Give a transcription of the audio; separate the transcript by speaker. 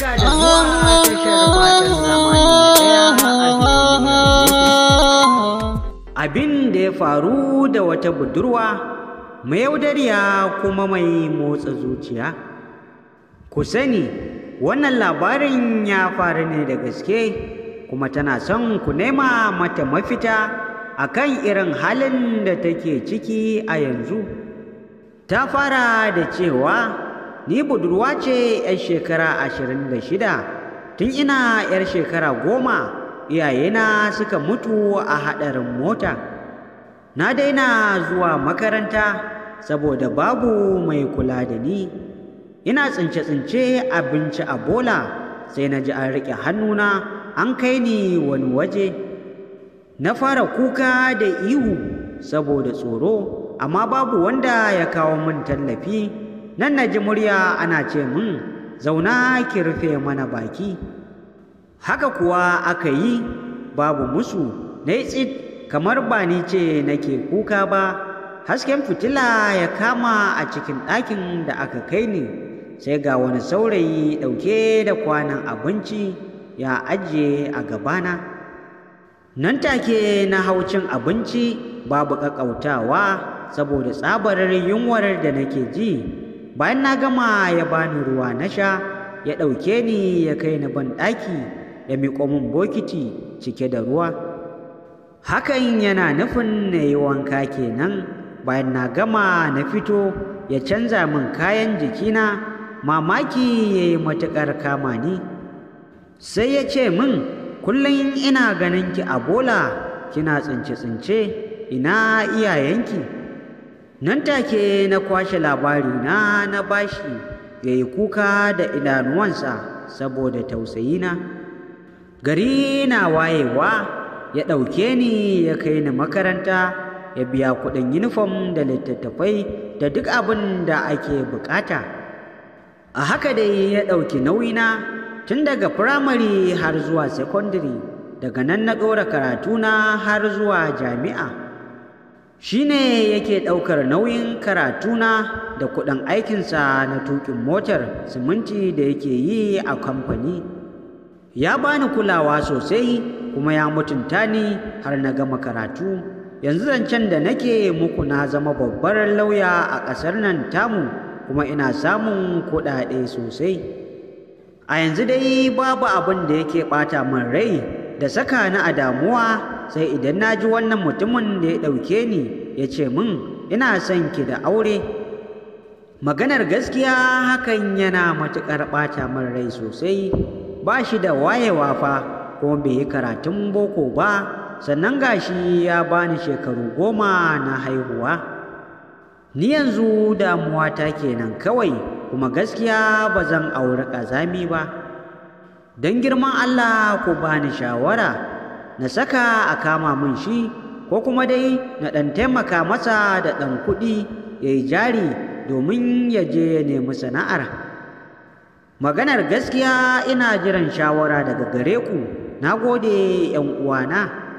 Speaker 1: da Abin da ya faru da wata budurwa mai yaudariya kuma mai motsa zuciya. Ku sani wannan labarin ya faru ne da gaske kuma tana son ku nema mata mafita a kan irin halin da take ciki a yanzu. Ta fara da cewa ni budurwa ce 'yar shekara ashirin da shida tun ina 'yar shekara goma iyayena suka mutu a haɗarin mota na daina zuwa makaranta saboda babu mai kula da ni ina tsince-tsince abinci a bola sai na ji an riƙe hannuna an kai ni wani waje na fara kuka da ihu saboda tsoro amma babu wanda ya kawo min tallafi nan na ji murya ana ce min zauna ki rufe mana baki haka kuwa aka yi babu musu na yi tsit kamar ba ni ce nake kuka ba hasken fitila ya kama a cikin ɗakin da aka kai ni sai ga wani saurayi ɗauke da kwanan abinci ya ajiye a gabana nan take na hau cin abinci babu ƙaƙautawa saboda tsabarar yunwar da nake ji bayan na gama ya bani ruwa na sha ya ɗauke ni ya kai ni banɗaki, ya miƙo min bokiti cike da ruwa hakan yana nufin na yi wanka kenan bayan na gama na fito ya canza min kayan jikina mamaki ya yi matuƙar kama ni sai ya ce min kullum ina ganin ki a bola kina tsince-tsince ina iyayenki nan take na kwashe labari na na bashi ya yi kuka da idanuwansa saboda tausayi na, gari na wayewa ya ɗauke ni ya kai ni makaranta ya biya kuɗin yunifom da littattafai da duk abin da ake bukata a haka dai ya ɗauki nauyina tun daga firamare har zuwa sekondiri daga nan na ɗora karatuna har zuwa jami'a shi ne yake ɗaukar nauyin karatuna da kuɗin aikinsa na tuƙin motar siminti da yake yi a kamfani ya bani kulawa sosai kuma ya mutunta ni har na gama karatu yanzu zancen da nake muku na zama babbar lauya a ƙasar nan tamu kuma ina samun kuɗaɗe sosai a yanzu dai babu abin da yake ɓata min rai da saka ni a damuwa sai idan na ji wannan mutumin da ya ɗauke ni ya ce min ina son ki da aure maganar gaskiya hakan yana matuƙar ɓata min rai sosai ba shi da wayewa fa ko bai yi karatun boko ba sannan gashi ya bani shekaru goma na haihuwa ni yanzu damuwa ta kenan kawai kuma gaskiya ba zan auri ƙazami ba don girman allah ku bani shawara na saka a kama mun shi ko kuma dai na ɗan taimaka masa da ɗan kuɗi ya yi jari domin ya je ya nemi sana'ar maganar gaskiya ina jiran shawara daga gare ku na gode uwana.